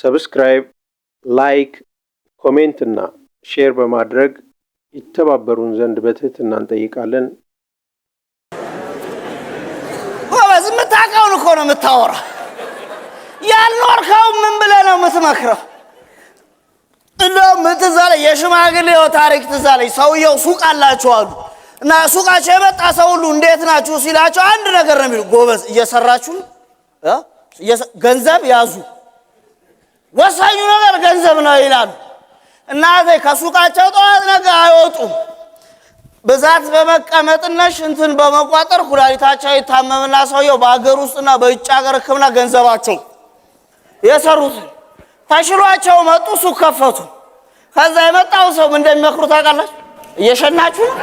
ሰብስክራይብ፣ ላይክ፣ ኮሜንት እና ሼር በማድረግ ይተባበሩን ዘንድ በትህትና እንጠይቃለን። ጎበዝ፣ የምታውቀውን እኮ ነው ያልኖርከው ምን ብለህ ነው የምትመክረው? እንደውም ምን ትዝ አለኝ፣ የሽማግሌው ታሪክ ትዝ አለኝ። ሰውየው ሱቅ አላቸው አሉ እና ሱቃቸው የመጣ ሰው ሁሉ እንዴት ናችሁ ሲላቸው አንድ ነገር ነው የሚሉ፣ ጎበዝ እየሰራችሁ ገንዘብ ያዙ ወሳኙ ነገር ገንዘብ ነው ይላሉ። እናቴ ከሱቃቸው ጠዋት ነገ አይወጡም። ብዛት በመቀመጥና ሽንትን በመቋጠር ኩላሊታቸው ይታመምና ሰውየው በሀገር ውስጥና በውጭ ሀገር ሕክምና ገንዘባቸው የሰሩትን ተሽሏቸው መጡ። ሱቅ ከፈቱ። ከዛ የመጣው ሰው እንደሚመክሩ ታውቃላችሁ። እየሸናችሁ ነው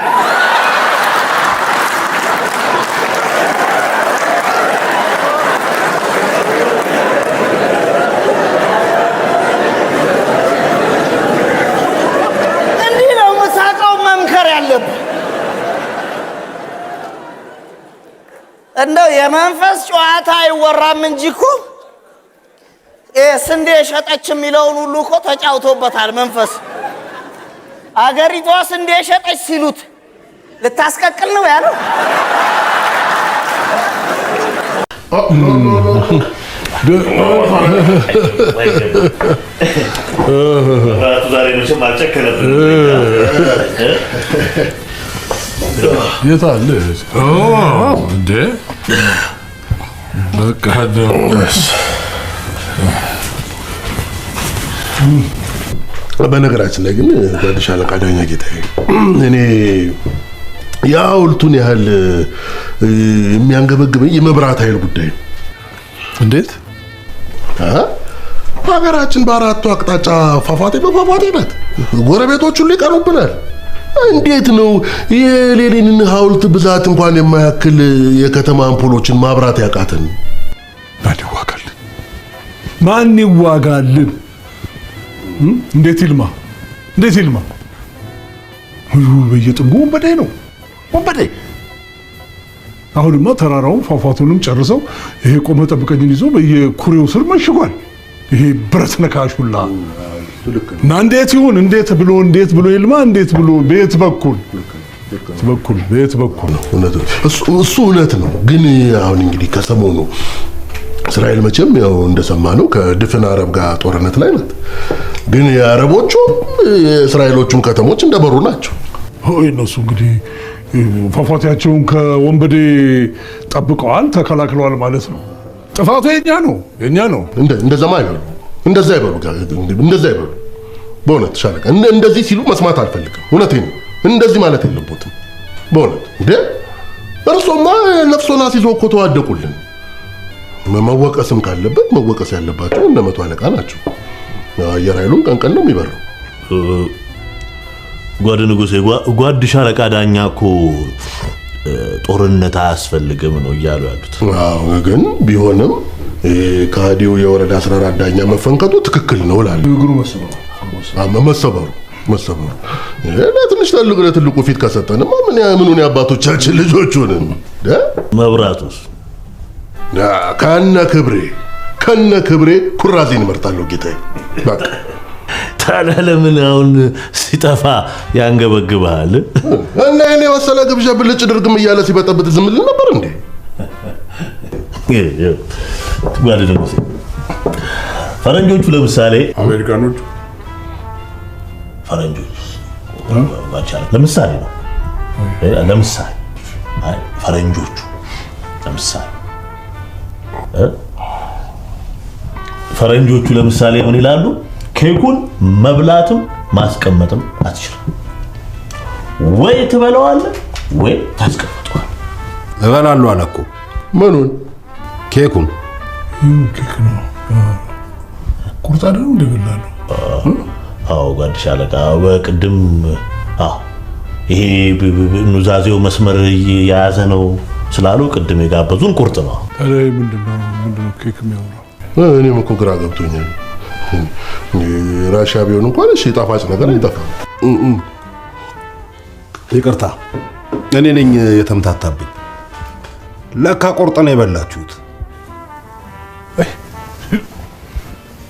እንደው የመንፈስ ጨዋታ አይወራም እንጂ እኮ ስንዴ የሸጠች የሚለውን ሁሉ እኮ ተጫውቶበታል መንፈስ። አገሪቷ ስንዴ የሸጠች ሲሉት ልታስቀቅል ነው ያለው። ዛሬ መቼም አልጨከረም። የት አለ? እንዴ በቃ በነገራችን ላይ ግን ጓድሽ አለቃ ዳኛ እኔ የሐውልቱን ያህል የሚያንገበግበኝ የመብራት ኃይል ጉዳይ ነው። እንዴት? ሀገራችን በአራቱ አቅጣጫ ፏፏቴ በፏፏቴ ናት። ጎረቤቶቹ ይቀኑብናል። እንዴት ነው የሌኒንን ሐውልት ብዛት እንኳን የማያክል የከተማ አምፖሎችን ማብራት ያቃተን? ማን ይዋጋል? ማን ይዋጋል? እንዴት ይልማ! እንዴት ይልማ! በየጥጉ ወንበዴ ነው ወንበዴ። አሁንማ ተራራውን ፏፏቱንም ጨርሰው ይሄ ቆመ ጠብቀኝን ይዞ በየኩሬው ስር መሽጓል። ይሄ ብረት ነካሽ ሁላ እና እንዴት ይሁን እንዴት ብሎ እንዴት ብሎ ይልማ እንዴት ብሎ ቤት በኩል በኩል ቤት በኩል ነው እሱ እውነት ነው። ግን አሁን እንግዲህ ከሰሞኑ እስራኤል መቼም ያው እንደሰማ ነው ከድፍን አረብ ጋር ጦርነት ላይ ናት። ግን የአረቦቹ የእስራኤሎቹም ከተሞች እንደበሩ ናቸው። ሆይ እነሱ እንግዲህ ፏፏቴያቸውን ከወንበዴ ጠብቀዋል፣ ተከላክለዋል ማለት ነው። ጥፋቱ የኛ ነው የኛ ነው። እንደዛ ይበሉ እንደዛ ይበሉ እንደዛ ይበሉ በእውነት ሻለቃ እንደዚህ ሲሉ መስማት አልፈልግም። እውነት ነው። እንደዚህ ማለት የለቦትም በእውነት እንደ እርሶማ ነፍሶን አስይዞ እኮ ተዋደቁልን። መወቀስም ካለበት መወቀስ ያለባቸው እንደ መቶ አለቃ ናቸው። አየር ኃይሉን ቀንቀን ነው የሚበረው። ጓድ ንጉሴ፣ ጓድ ሻለቃ ዳኛ እኮ ጦርነት አያስፈልግም ነው እያሉ ያሉት። ግን ቢሆንም ከሃዲው የወረዳ 14 ዳኛ መፈንከቱ ትክክል ነው እላለሁ። መሰበሩ መሰበሩ ለትንሽ ትልቅ ለትልቁ ፊት ከሰጠንማ ምን ምኑን የአባቶቻችን ልጆቹንም መብራቱስ ከነ ክብሬ ከነ ክብሬ ኩራዜን እመርጣለሁ ጌታዬ። በቃ ታዲያ ለምን አሁን ሲጠፋ ያንገበግብሃል? እና እኔ የመሰለ ግብዣ ብልጭ ድርግም እያለ ሲበጠብጥ ዝም ልል ነበር እንዴ? ፈረንጆቹ ለምሳሌ አሜሪካኖቹ ፈረንጆች ለምሳሌ ነው ለምሳሌ ፈረንጆቹ ለምሳሌ ፈረንጆቹ ለምሳሌ ምን ይላሉ? ኬኩን መብላትም ማስቀመጥም አትችልም። ወይ ትበለዋለህ ወይ ታስቀምጠዋል። እበላሉ አለ እኮ ምኑን? ኬኩን። ኬክ ነው ቁርጥ አዎ ጓድሽ አለቃ በቅድም አዎ ይሄ ኑዛዜው መስመር የያዘ ነው ስላሉ ቅድም የጋበዙን ቁርጥ ነው። ታዲያ ምንድን ነው ኬክ የሚያወራው? እኔም እኮ ግራ ገብቶኛል። ራሻ ቢሆን እንኳን እሺ፣ ጣፋጭ ነገር አይጠፋም። ይቅርታ እኔ ነኝ የተምታታብኝ። ለካ ቁርጥ ነው የበላችሁት።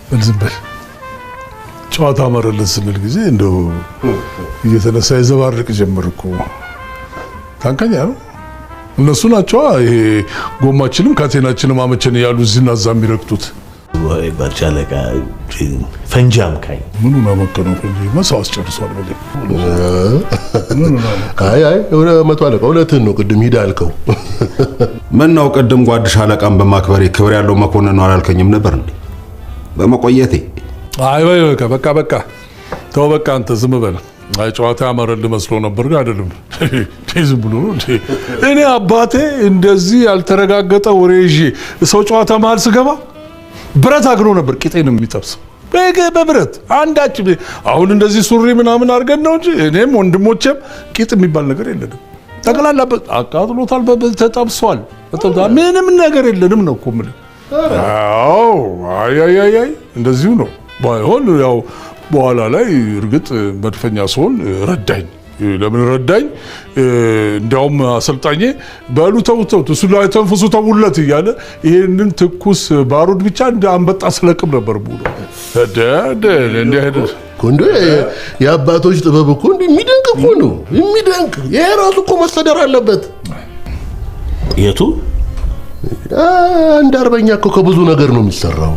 በል ዝም በል ጨዋታ አመረልን ስንል ጊዜ እንደው እየተነሳ የዘባርቅ ጀመር እኮ ታንቀኛ ነው። እነሱ ናቸው ይሄ ጎማችንም ካቴናችንም አመቸን ያሉ እዚህና እዛ የሚረግጡት ፈንጂ አምካኝ ምኑን አመከነው? ፈንጂ መሳዋስ ጨርሷል። አይ አይ ወደ መቶ አለቃ ሁለትህን ነው። ቅድም ሂድ አልከው። ምን ነው ቅድም ጓድሽ አለቃን በማክበሬ ክብር ያለው መኮንን ነው አላልከኝም ነበር እንዴ? በመቆየቴ አይ በይ በቃ በቃ በቃ ተው በቃ አንተ ዝም በል። አይ ጨዋታ ያመረልህ መስሎ ነበር ግን አይደለም። ዝም ብሎ ነው እኔ አባቴ እንደዚህ ያልተረጋገጠ ወሬ ይዤ ሰው ጨዋታ መሀል ስገባ ብረት አግኖ ነበር ቂጤን የሚጠብሰው በብረት አንዳች አሁን እንደዚህ ሱሪ ምናምን አድርገን ነው እንጂ እኔም ወንድሞቼም ቂጥ የሚባል ነገር የለንም። ጠቅላላ አቃጥሎታል፣ ተጠብሷል። ምንም ነገር የለንም ነው እኮ የምልህ። አዎ አይ አይ አይ እንደዚሁ ነው። ባይሆን ያው በኋላ ላይ እርግጥ መድፈኛ ስሆን ረዳኝ። ለምን ረዳኝ? እንዲያውም አሰልጣኜ በሉ ተውተውት እሱ ላይ ተንፍሱ ተውለት እያለ ይህንን ትኩስ ባሩድ ብቻ እንደ አንበጣ ስለቅም ነበር። እንደ የአባቶች ጥበብ እኮ እንዲ የሚደንቅ እኮ ነው የሚደንቅ። ይሄ ራሱ እኮ መሰደር አለበት። የቱ አንድ አርበኛ እኮ ከብዙ ነገር ነው የሚሰራው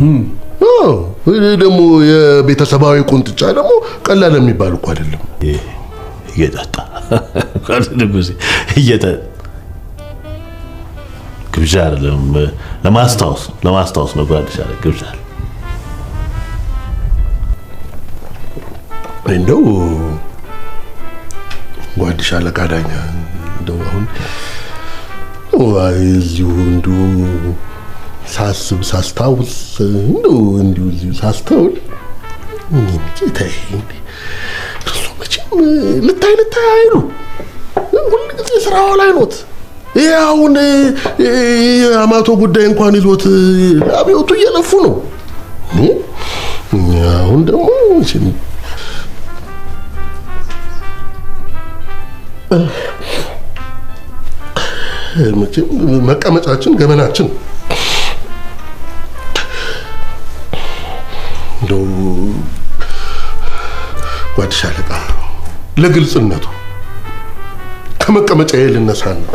ይህ ደግሞ የቤተሰባዊ ቁንጥጫ ደግሞ ቀላል የሚባል እኮ አይደለም። እየጠጣ ግብዣ አይደለም፣ ለማስታወስ ለማስታወስ ነው። ጓደሻ ግብዣ እንደው ጓደሻ ለቃዳኛ እንደው አሁን እዚሁ እንዲሁ ሳስብ ሳስታውስ እንደው እንዲሁ እዚሁ ሳስተውል ጌታ እሱ መቼም ልታይ ልታይ አይሉ ሁሉ ሁልጊዜ ስራው ላይ ኖት። ይሄ አሁን የአማቶ ጉዳይ እንኳን ይዞት አብዮቱ እየለፉ ነው። አሁን ደግሞ መቀመጫችን ገበናችን እንደው ጓድሽ አለቃ ለግልጽነቱ ከመቀመጫዬ ልነሳ ነው።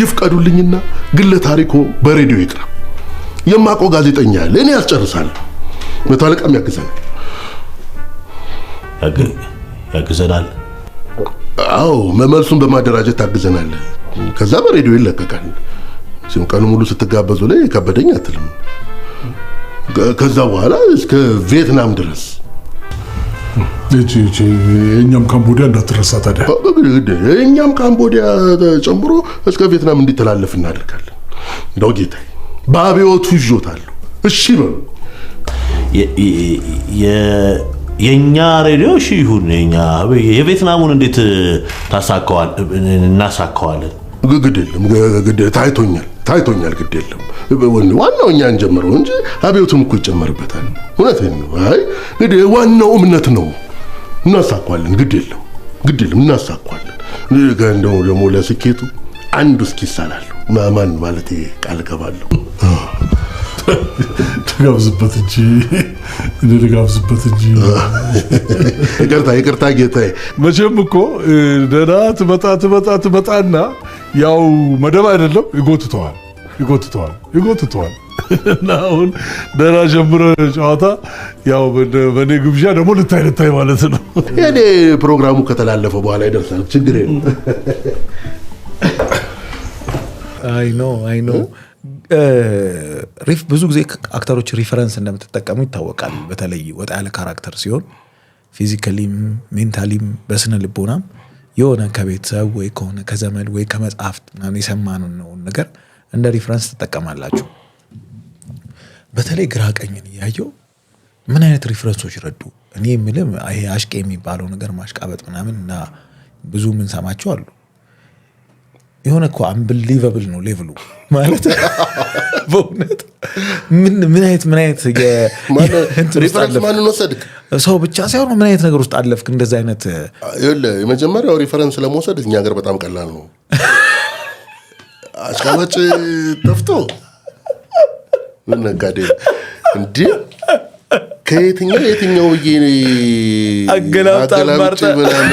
ይፍቀዱልኝና ግለ ታሪኮ በሬዲዮ ይቅረብ። የማቆ ጋዜጠኛ ያለ እኔ ያስጨርሳለሁ። መቶ አለቃም ያግዘናል ያግዘናል። አዎ መመልሱን በማደራጀት ታግዘናል። ከዛ በሬዲዮ ይለቀቃል። ሲሆን ቀኑ ሙሉ ስትጋበዙ ላይ ከበደኝ አትልም። ከዛ በኋላ እስከ ቪየትናም ድረስ የእኛም ካምቦዲያ እንዳትረሳ ታዲያ። የእኛም ካምቦዲያ ጨምሮ እስከ ቪየትናም እንዲተላለፍ እናደርጋለን። እንደው ጌታዬ በአብዮቱ ይዞታሉ። እሺ በሉ የእኛ ሬዲዮ እሺ ይሁን። የኛ የቪየትናሙን እንዴት ታሳካዋል? እናሳካዋለን። ግድ የለም ታይቶኛል። ታይቶኛል። ግድ የለም ዋናው እኛ እንጀምረው እንጂ አብዮትም እኮ ይጨመርበታል። እውነቴን ነው። አይ እንግዲህ ዋናው እምነት ነው። እናሳኳለን። ግድ የለም ግድ የለም እናሳኳለን። እንደው ደግሞ ለስኬቱ አንዱ እስኪ ይሳላሉ ማማን ማለት ቃል ገባለሁ። ተጋብዝበት እንጂ ተጋብዝበት እንጂ። ይቅርታ ይቅርታ ጌታዬ። መቼም እኮ ደህና ትመጣ ትመጣ ትመጣና ያው መደብ አይደለም ይጎትተዋል ይጎትተዋል ይጎትተዋል እና አሁን ደህና ጀምረ ጨዋታ ያው በእኔ ግብዣ ደግሞ ልታይ ልታይ ማለት ነው። እኔ ፕሮግራሙ ከተላለፈ በኋላ ይደርሳል። ችግር የለም። አይ ኖ አይ ኖ ሪፍ ብዙ ጊዜ አክተሮች ሪፈረንስ እንደምትጠቀሙ ይታወቃል። በተለይ ወጣ ያለ ካራክተር ሲሆን ፊዚካሊም ሜንታሊም በስነ ልቦናም የሆነ ከቤተሰብ ወይ ከሆነ ከዘመድ ወይ ከመጽሐፍት ምናምን የሰማነውን ነገር እንደ ሪፍረንስ ትጠቀማላችሁ። በተለይ ግራ ቀኝን እያየው ምን አይነት ሪፍረንሶች ረዱ? እኔ የምልም ይሄ አሽቄ የሚባለው ነገር ማሽቃበጥ ምናምን እና ብዙ ሰማቸው አሉ። የሆነ እኮ አንብሊቨብል ነው ሌቭሉ ማለት በእውነት ምን ምን አይነት ምን አይነት ሰው ብቻ ሳይሆን ምን አይነት ነገር ውስጥ አለፍክ? እንደዚህ አይነት የመጀመሪያው ሪፈረንስ ለመውሰድ እኛ ሀገር በጣም ቀላል ነው። አስቀማጭ ጠፍቶ ምን ነጋዴ እንዲ ከየትኛው የትኛው ብዬ አገላምጭ ምናምን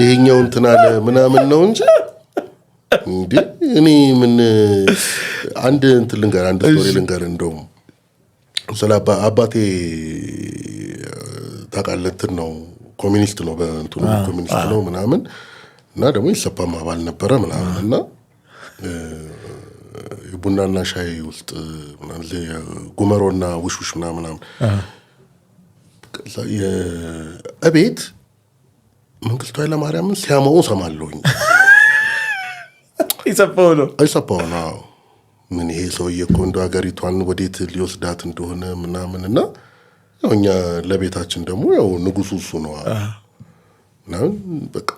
ይሄኛው እንትን አለ ምናምን ነው እንጂ እንዲ እኔ ምን አንድ እንትን ልንገር፣ አንድ ስቶሪ ልንገር። እንደውም ስለ አባቴ ታውቃለህ እንትን ነው ኮሚኒስት ነው በእንትኑ ኮሚኒስት ነው ምናምን እና ደግሞ የሰፓም አባል ነበረ ምናምን እና ቡናና ሻይ ውስጥ ጉመሮና ውሽውሽ ምናምናም እቤት መንግስቱ ኃይለ ማርያምን ሲያመው ሰማለሁኝ። ይሰፋው ነው ይሰፋው ነው። ምን ይሄ ሰውዬ እኮ እንደ ሀገሪቷን ወዴት ሊወስዳት እንደሆነ ምናምን እና ያው እኛ ለቤታችን ደግሞ ያው ንጉሱ እሱ ነዋ ምናምን በቃ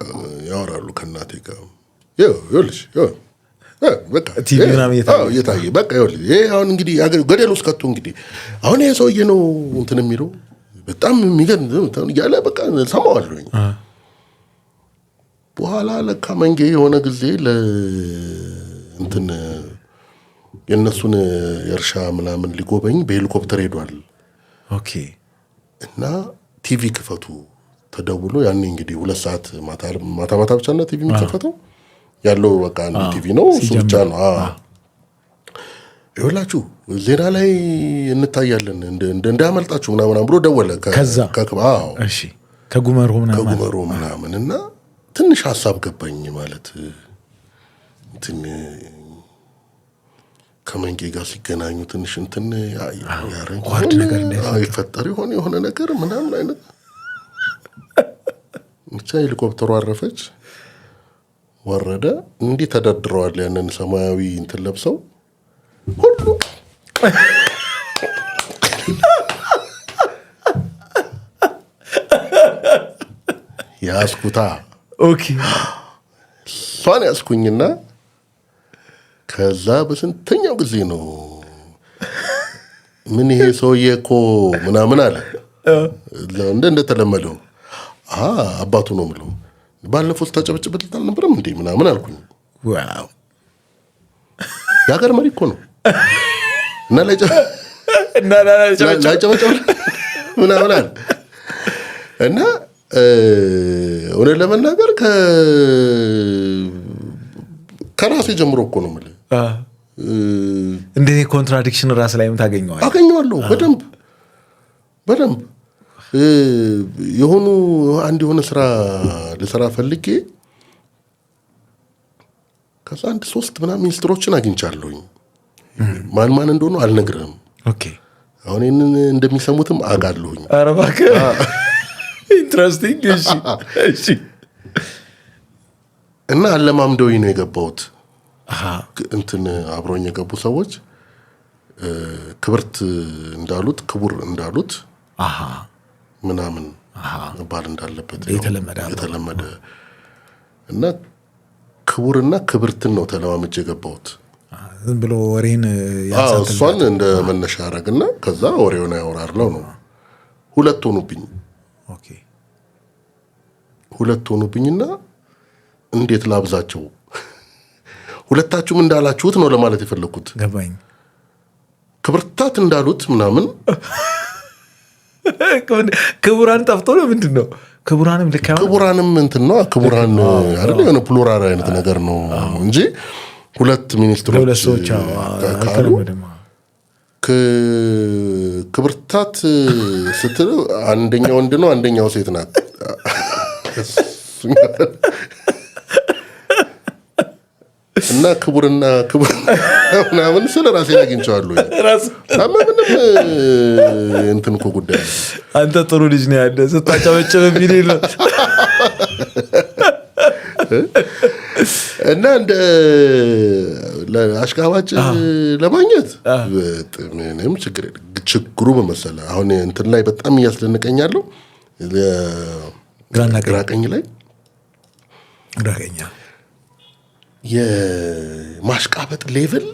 ያወራሉ ከእናቴ ጋር ልጅ እየታየ በቃ ይሄ አሁን እንግዲህ ገደል ውስጥ ከቶ እንግዲህ አሁን ይሄ ሰውዬ ነው እንትን የሚለው በጣም የሚገርም እያለ በቃ ሰማዋለሁኝ። በኋላ ለካ መንጌ የሆነ ጊዜ ለእንትን የእነሱን የእርሻ ምናምን ሊጎበኝ በሄሊኮፕተር ሄዷል። ኦኬ እና ቲቪ ክፈቱ ተደውሎ ያኔ እንግዲህ ሁለት ሰዓት ማታ ማታ ብቻ እና ቲቪ የሚከፈተው ያለው በቃ አንድ ቲቪ ነው፣ እሱ ብቻ ነው። ይኸውላችሁ ዜና ላይ እንታያለን እንዳያመልጣችሁ ምናምን ብሎ ደወለ ከጉመሮ ምናምን እና ትንሽ ሀሳብ ገባኝ ማለት እንትን ከመንጌ ጋር ሲገናኙ ትንሽ እንትን ይፈጠር የሆነ የሆነ ነገር ምናምን አይነት ብቻ ሄሊኮፕተሩ አረፈች። ወረደ። እንዲህ ተደርድረዋል። ያንን ሰማያዊ እንትን ለብሰው ሁሉ ያስኩታ እሷን ያስኩኝና ከዛ በስንተኛው ጊዜ ነው ምን ይሄ ሰውዬ እኮ ምናምን አለ እንደ እንደተለመደው አባቱ ነው ምለው ባለፈው ስታጨበጭበት አልነበረም እንዴ ምናምን አልኩኝ። የሀገር መሪ እኮ ነው እና ላይጨበጨበ ምናምን አለ እና ለመናገር ከራሴ ጀምሮ እኮ ነው እንደዚህ ኮንትራዲክሽን ራስ ላይም አገኘዋለሁ በደንብ በደንብ የሆኑ አንድ የሆነ ስራ ልሰራ ፈልጌ ከዛ አንድ ሶስት ምና ሚኒስትሮችን አግኝቻለሁኝ። ማን ማን እንደሆኑ አልነግርህም። አሁን ይህንን እንደሚሰሙትም አውቃለሁኝ። ኧረ ኢንትረስቲንግ። እሺ። እና አለማምደዊ ነው የገባሁት። እንትን አብረኝ የገቡ ሰዎች ክብርት እንዳሉት ክቡር እንዳሉት ምናምን መባል እንዳለበት የተለመደ እና ክቡርና ክብርትን ነው ተለማመጭ የገባሁት። ዝም ብሎ ወሬን እሷን እንደ መነሻ ያረግና ከዛ ወሬውን ያወራርለው ነው። ሁለት ሆኑብኝ ሁለት ሆኑብኝና እንዴት ላብዛቸው? ሁለታችሁም እንዳላችሁት ነው ለማለት የፈለግኩት ክብርታት እንዳሉት ምናምን ክቡራን ጠፍቶ ነው ምንድን ነው? ክቡራንም ልክ ክቡራንም እንትን ነው ክቡራን አይደል? የሆነ ፕሉራል አይነት ነገር ነው እንጂ ሁለት ሚኒስትሮች ክብርታት ስትል አንደኛ ወንድ ነው፣ አንደኛው ሴት ናት። እና ክቡርና ክቡር ምናምን ስለ ራሴ አግኝቼዋለሁ። ምንም እንትን እኮ ጉዳይ አንተ ጥሩ ልጅ ነው ያለ ስታጫበጭብ የሚል የለም እና እንደ አሽቃባጭ ለማግኘት ምንም ችግር ችግሩ በመሰለ አሁን እንትን ላይ በጣም እያስደንቀኛለሁ ግራና ቀኝ ላይ ግራቀኛ የማሽቃበጥ ሌቭል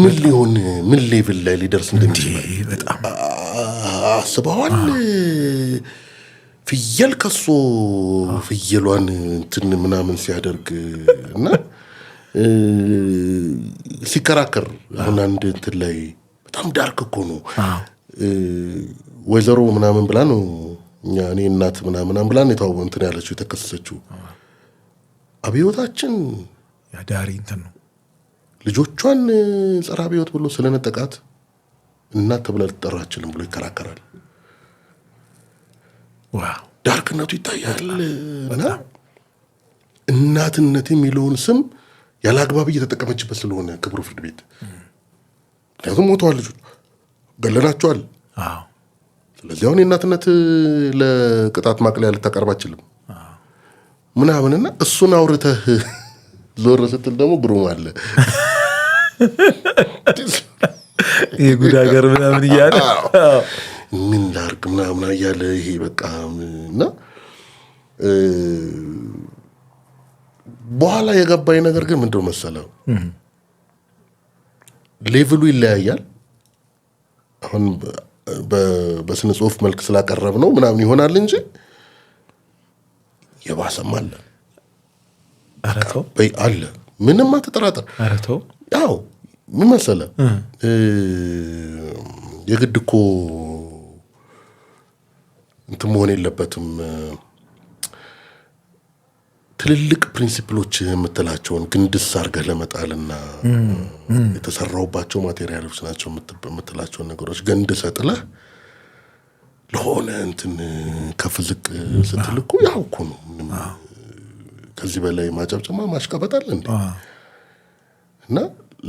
ምን ሊሆን ምን ሌቭል ላይ ሊደርስ እንደሚችል አስበዋል። ፍየል ከሶ ፍየሏን እንትን ምናምን ሲያደርግ እና ሲከራከር አሁን አንድ እንትን ላይ በጣም ዳርክ እኮ ነው። ወይዘሮ ምናምን ብላ ነው እኔ እናት ምናምን ብላ ነው እንትን ያለችው የተከሰሰችው አብዮታችን ያዳሪ እንትን ነው። ልጆቿን ጸረ አብዮት ብሎ ስለነጠቃት እናት ተብላ ልትጠራ ብሎ ይከራከራል። ዳርክነቱ ይታያል። እና እናትነት የሚለውን ስም ያለ አግባብ እየተጠቀመችበት ስለሆነ ክቡር ፍርድ ቤት፣ ምክንያቱም ሞተዋል፣ ልጆች ገለናቸዋል። ስለዚህ አሁን የእናትነት ለቅጣት ማቅለያ ልታቀርብ ምናምንና እሱን አውርተህ ዞር ስትል ደግሞ ግሩም አለ የጉድ ሀገር ምናምን እያለ ምን ላርግ ምናምን እያለ ይሄ በቃ እና በኋላ የገባኝ ነገር ግን ምንድ መሰለው፣ ሌቭሉ ይለያያል። አሁን በስነ ጽሁፍ መልክ ስላቀረብ ነው ምናምን ይሆናል እንጂ የባሰም አለ አለ። ምንም አትጠራጠር። አረተው ያው ምን መሰለ የግድ እኮ እንትን መሆን የለበትም። ትልልቅ ፕሪንሲፕሎች የምትላቸውን ግንድስ አድርገህ ለመጣልና የተሰራውባቸው ማቴሪያሎች ናቸው የምትላቸውን ነገሮች ገንድ ሰጥለህ ለሆነ እንትን ከፍልቅ ስትልኩ ያው እኮ ነው። ከዚህ በላይ ማጨብጨማ ማሽቃበጥ አለ እንዴ? እና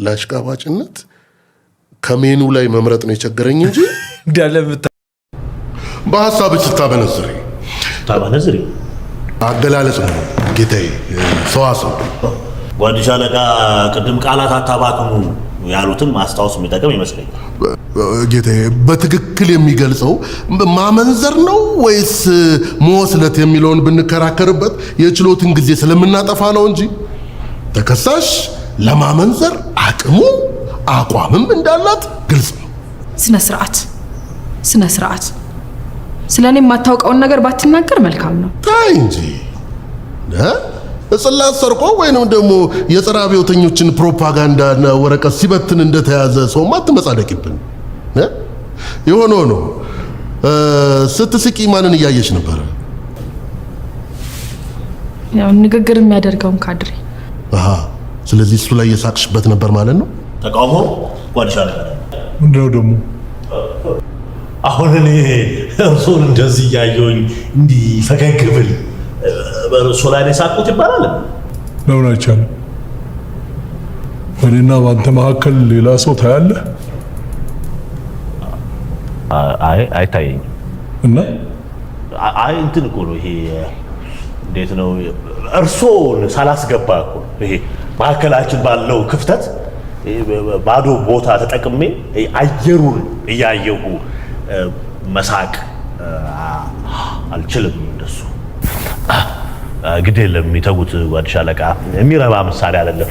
ለአሽቃባጭነት ከሜኑ ላይ መምረጥ ነው የቸገረኝ እንጂ በሀሳብ ስታበነዝሪ ታበነዝሪ አገላለጽ ነው ጌታዬ፣ ሰዋሰው ጓዲሻ አለቃ ቅድም ቃላት አታባክሙ ያሉትም አስታውስ የሚጠቅም ይመስለኛል። ጌታዬ በትክክል የሚገልጸው ማመንዘር ነው ወይስ መወስለት የሚለውን ብንከራከርበት የችሎትን ጊዜ ስለምናጠፋ ነው እንጂ ተከሳሽ ለማመንዘር አቅሙ አቋምም እንዳላት ግልጽ ነው። ስነ ስርዓት ስነ ስርዓት። ስለ እኔ የማታውቀውን ነገር ባትናገር መልካም ነው። ታይ እንጂ እጽላት ሰርቆ ወይንም ደግሞ የጸረ አብዮተኞችን ፕሮፓጋንዳና ወረቀት ሲበትን እንደተያዘ ሰውማ አትመጻደቂብን። የሆነ ሆኖ ስትስቂ ማንን እያየች ነበረ? ያው ንግግር የሚያደርገውን ካድሬ። አሃ፣ ስለዚህ እሱ ላይ የሳቅሽበት ነበር ማለት ነው። ተቃውሞ ጓድሻ ነበር። ምንድነው ደግሞ አሁን እኔ እርሱን እንደዚህ እያየሁኝ እንዲህ ፈገግ ብል በእርሱ ላይ ነው የሳቅሁት ይባላል? ለምን አይቻልም? እኔና በአንተ መካከል ሌላ ሰው ታያለህ? አይ አይታየኝም። እና አይ እንትን እኮ ነው ይሄ እንዴት ነው እርስዎን ሳላስገባ እኮ ይሄ ባለው ክፍተት ባዶ ቦታ ተጠቅሜ አየሩን እያየሁ መሳቅ አልችልም። እንደሱ ግድ የለም። የሚተጉት የሚረባ አይደለም።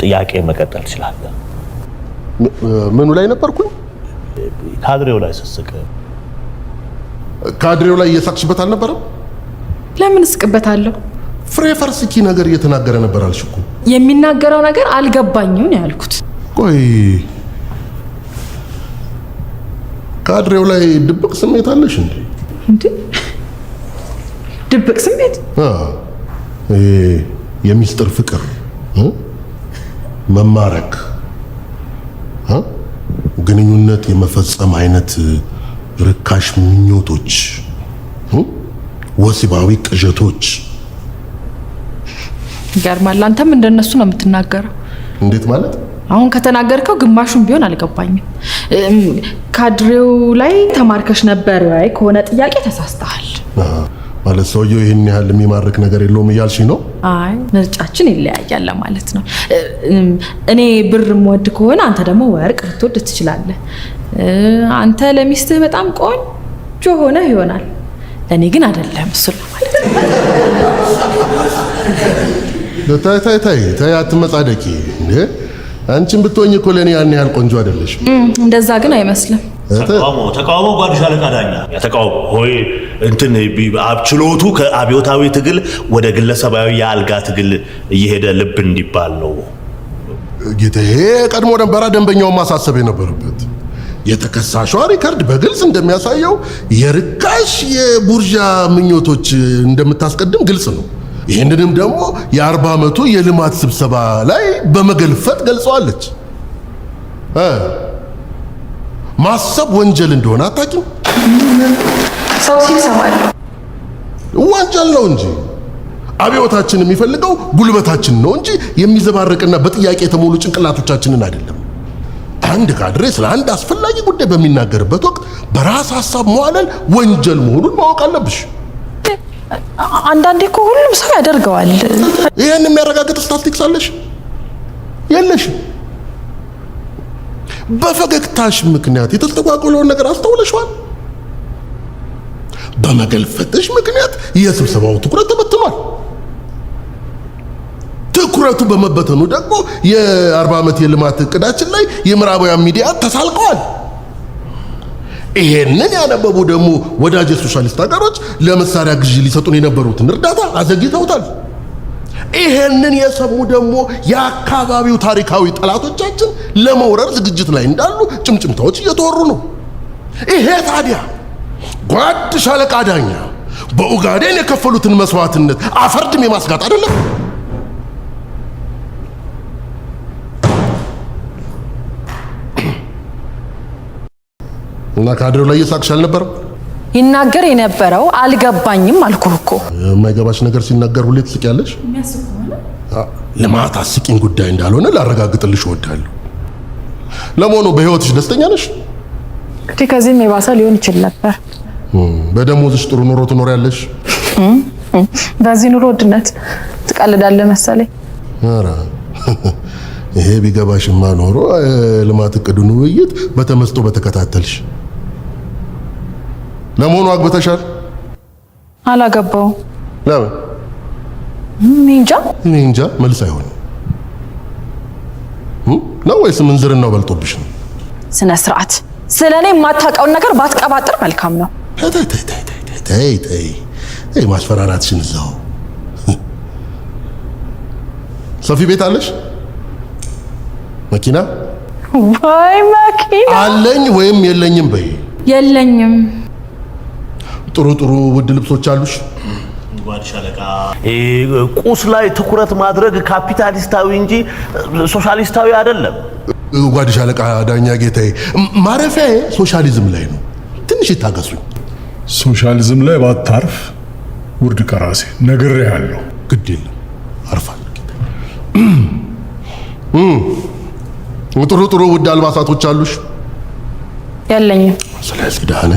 ጥያቄ መቀጠል ትችላለህ። ምኑ ላይ ነበርኩኝ? ካድሬው ላይ ስስቅ ካድሬው ላይ እየሳቅሽበት አልነበረም? ለምን እስቅበታለሁ? ፍሬ ፈርስኪ ነገር እየተናገረ ነበር አልሽ እኮ። የሚናገረው ነገር አልገባኝም ነው ያልኩት። ቆይ ካድሬው ላይ ድብቅ ስሜት አለሽ እንዴ? እንዴ ድብቅ ስሜት? አዎ የሚስጥር ፍቅር፣ መማረክ ግንኙነት የመፈጸም አይነት ርካሽ ምኞቶች፣ ወሲባዊ ቅዠቶች ይገርማል። አንተም እንደነሱ ነው የምትናገረው። እንዴት ማለት? አሁን ከተናገርከው ግማሹን ቢሆን አልገባኝም። ካድሬው ላይ ተማርከሽ ነበር ወይ ከሆነ ጥያቄ ተሳስተሃል። ማለት ሰውየው ይህን ያህል የሚማርክ ነገር የለውም እያልሽ ነው? አይ ምርጫችን ይለያያል ማለት ነው። እኔ ብር የምወድ ከሆነ አንተ ደግሞ ወርቅ ልትወድ ትችላለህ። አንተ ለሚስትህ በጣም ቆንጆ ሆነህ ይሆናል፣ ለእኔ ግን አይደለም። እሱ ማለት ነው። ታይ ታይ ታይ ታይ አትመጻደቂ እንዴ! አንቺም ብትወኝ እኮ ለኔ ያን ያህል ቆንጆ አይደለሽም። እንደዛ ግን አይመስልም ተቃውሞ ተቃውሞ ጓድ ሻለቃ ዳኛ ተቃውሞ ሆይ እንትን ችሎቱ ከአብዮታዊ ትግል ወደ ግለሰባዊ የአልጋ ትግል እየሄደ ልብ እንዲባል ነው። ጌታዬ ቀድሞ ደንበራ ደንበኛውን ማሳሰብ የነበረበት የተከሳሿ ሪከርድ በግልጽ እንደሚያሳየው የርካሽ የቡርዣ ምኞቶች እንደምታስቀድም ግልጽ ነው። ይህንንም ደግሞ የአርባ ዓመቱ የልማት ስብሰባ ላይ በመገልፈጥ ገልጸዋለች። ማሰብ ወንጀል እንደሆነ አታውቂም? ሰው ሲሰማል ወንጀል ነው እንጂ አብዮታችን የሚፈልገው ጉልበታችን ነው እንጂ የሚዘባረቅና በጥያቄ የተሞሉ ጭንቅላቶቻችንን አይደለም። አንድ ካድሬ ስለ አንድ አስፈላጊ ጉዳይ በሚናገርበት ወቅት በራስ ሀሳብ መዋለል ወንጀል መሆኑን ማወቅ አለብሽ። አንዳንዴ እኮ ሁሉም ሰው ያደርገዋል። ይህን የሚያረጋግጥ ስታስቲክስ አለሽ የለሽም? በፈገግታሽ ምክንያት የተስተጓጎለውን ነገር አስተውለሽዋል። በመገልፈጥሽ ምክንያት የስብሰባው ትኩረት ተበትኗል። ትኩረቱ በመበተኑ ደግሞ የአርባ ዓመት የልማት እቅዳችን ላይ የምዕራባውያን ሚዲያ ተሳልቀዋል። ይሄንን ያነበቡ ደግሞ ወዳጅ የሶሻሊስት ሀገሮች ለመሳሪያ ግዢ ሊሰጡን የነበሩትን እርዳታ አዘግይተውታል። ይሄንን የሰሙ ደግሞ የአካባቢው ታሪካዊ ጠላቶቻችን ለመውረር ዝግጅት ላይ እንዳሉ ጭምጭምታዎች እየተወሩ ነው። ይሄ ታዲያ ጓድ ሻለቃ ዳኛ በኡጋዴን የከፈሉትን መስዋዕትነት አፈርድም የማስጋጥ አይደለም። እና ካድሬው ላይ እየሳቅሽ አልነበረም? ይናገር የነበረው አልገባኝም አልኩህ እኮ። የማይገባሽ ነገር ሲናገር ሁሌ ትስቂያለሽ። ልማት አስቂኝ ጉዳይ እንዳልሆነ ላረጋግጥልሽ እወዳለሁ። ለመሆኑ በህይወትሽ ደስተኛ ነሽ? እንግዲህ ከዚህም የባሰ ሊሆን ይችል ነበር። በደሞዝሽ ጥሩ ኑሮ ትኖሪያለሽ? በዚህ ኑሮ ውድነት ትቀልዳለህ መሰለኝ። ይሄ ቢገባሽማ ኖሮ ልማት እቅዱን ውይይት በተመስጦ በተከታተልሽ ለመሆኑ አግብተሻል? አላገባው። ለምን? እንጃ እንጃ። መልስ አይሆንም ነው ወይስ ምንዝርናው በልጦብሽ ነው? ስነ ስርዓት። ስለኔ የማታውቀውን ነገር ባትቀባጥር መልካም ነው። ተይ ተይ ማስፈራራትሽን እዛው። ሰፊ ቤት አለሽ? መኪና ወይ መኪና አለኝ ወይም የለኝም በይ። የለኝም ጥሩ ጥሩ ውድ ልብሶች አሉሽ። ቁስ ላይ ትኩረት ማድረግ ካፒታሊስታዊ እንጂ ሶሻሊስታዊ አይደለም። ጓድ ሻለቃ ዳኛ ጌታዬ፣ ማረፊያዬ ሶሻሊዝም ላይ ነው። ትንሽ ይታገሱኝ። ሶሻሊዝም ላይ ባታርፍ ውርድ ከራሴ ነገር ያለው ግድ የለም አርፋል። ጥሩ ጥሩ ውድ አልባሳቶች አሉሽ? ያለኝ ስለዚህ ደህና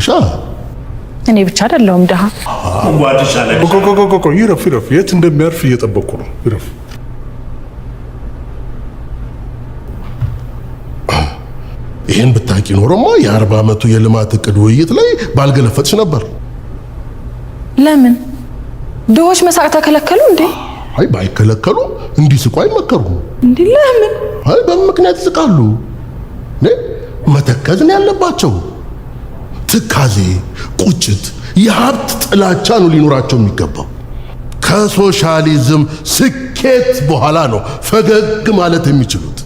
እኔ ብቻ አይደለሁም ድሃ። ይረፍ ይረፍ፣ የት እንደሚያርፍ እየጠበቅኩ ነው። ይረፍ ይህን ብታቂ ኖሮማ የአርባ ዓመቱ የልማት እቅድ ውይይት ላይ ባልገለፈጥሽ ነበር። ለምን ድሆች መሳቅ ተከለከሉ እንዴ? አይ ባይከለከሉ እንዲስቁ አይመከሩም እንዴ? ለምን? አይ በምን ምክንያት ይስቃሉ? መተከዝ ነው ያለባቸው። ትካዜ፣ ቁጭት፣ የሀብት ጥላቻ ነው ሊኖራቸው የሚገባው። ከሶሻሊዝም ስኬት በኋላ ነው ፈገግ ማለት የሚችሉት።